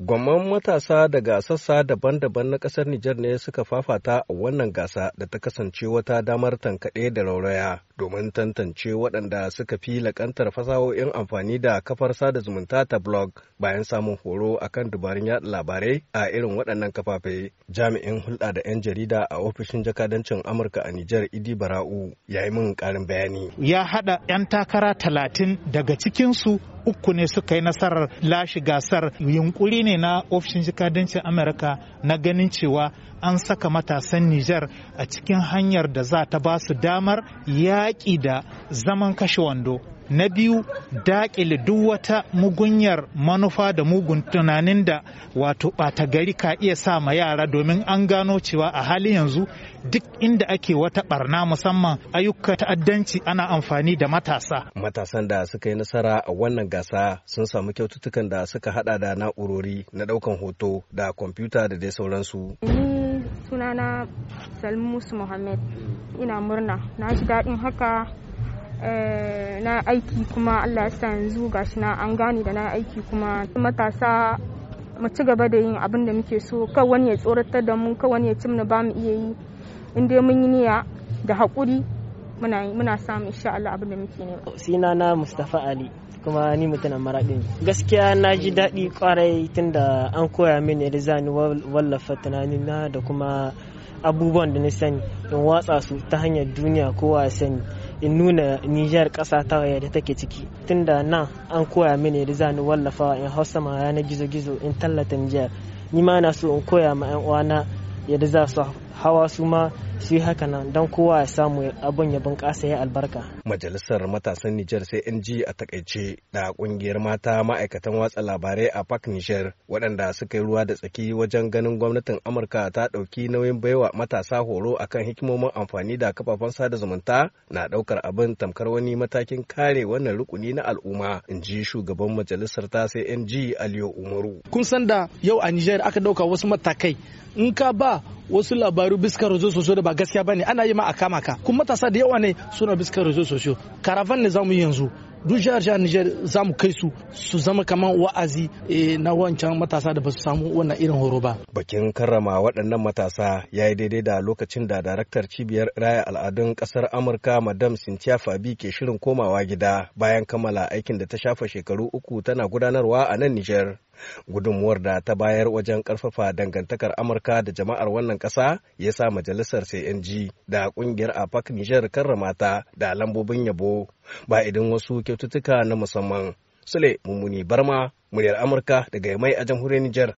Gwamman matasa daga sassa daban-daban na ƙasar Nijar ne suka fafata a wannan gasa da ta kasance wata damar tankaɗe da rauraya domin tantance waɗanda suka fi laƙantar fasahohin amfani da kafar sada zumunta ta blog bayan samun horo akan dubarun yaɗa labarai a irin waɗannan kafafe. Jami'in hulɗa da 'yan jarida a ofishin jakadancin Amurka a Nijar Idi Bara'u ya yi min ƙarin bayani. Ya haɗa 'yan takara talatin daga cikinsu uku ne suka yi nasarar lashe gasar yunkuri ne na ofishin jikadancin amurka na ganin cewa an saka matasan Nijar a cikin hanyar da za ta ba su damar yaƙi da zaman kashe wando na biyu daƙile duk wata mugunyar manufa da mugun tunanin da wato ɓata gari ka iya sa ma yara domin an gano cewa a hali yanzu duk inda ake wata ɓarna musamman ayyukan ta'addanci ana amfani da matasa matasan da suka yi nasara a wannan gasa sun samu kyaututtukan da suka hada da na'urori na ɗaukan hoto da kwamfuta da dai sauransu sunana salmus muhammad ina murna na ji daɗin haka Eh, na aiki kuma Allah ya sa yanzu gashi na an gane da na aiki kuma matasa mu ci gaba da yin abin da muke so ka wani ya tsoratar da mu kawai wani ya cimna ba mu iya yi in dai mun yi niyya da haƙuri muna muna samun insha Allah abin da muke ne sina na Mustafa Ali kuma ni mutanen maraɗi gaskiya na ji daɗi kwarai tunda an koya mini da zani wallafa na da kuma abubuwan da na sani in watsa su ta hanyar duniya kowa ya sani in nuna Nijar ƙasa ta da take ciki tun da nan an koya mini da zani wallafa in hausa ma yanar gizo-gizo in tallata Nijar ni ma na so in koya ma 'yan uwana yadda za su hawa su ma su yi haka nan don kowa ya samu abin ya bunƙasa ya albarka. Majalisar matasan Nijar sai NG a takaice da ƙungiyar mata ma'aikatan watsa labarai a Park Nijar waɗanda suka yi ruwa da tsaki wajen ganin gwamnatin Amurka ta ɗauki nauyin baiwa matasa horo akan hikimomin amfani da kafafen sada zumunta na ɗaukar abin tamkar wani matakin kare wannan rukuni na al'umma in ji shugaban majalisar ta sai NG Aliyu Umaru. Kun san da yau a Nijar aka ɗauka wasu matakai in ka ba wasu labaru biskar rojo sosio da ba gaskiya bane ana yi ma a kama ka kuma matasa da yawa ne suna biskar rojo sosio karavan ne zamu yi yanzu duk jihar jihar Nijar zamu kai su su zama kamar wa'azi eh, na wancan matasa da ba su samu wannan irin horo ba. Bakin karrama waɗannan matasa ya yi daidai da lokacin da daraktar cibiyar raya al'adun ƙasar Amurka Madam Cynthia Fabi ke shirin komawa gida bayan kammala aikin da ta shafa shekaru uku tana gudanarwa a nan Nijar. gudunmuwar da ta bayar wajen karfafa dangantakar amurka da jama'ar wannan ƙasa ya sa majalisar cng da ƙungiyar apac Niger karrama ta da lambobin yabo ba idan wasu kyaututtuka na musamman sule mummuni barma muryar amurka daga mai a jamhuriyar nijar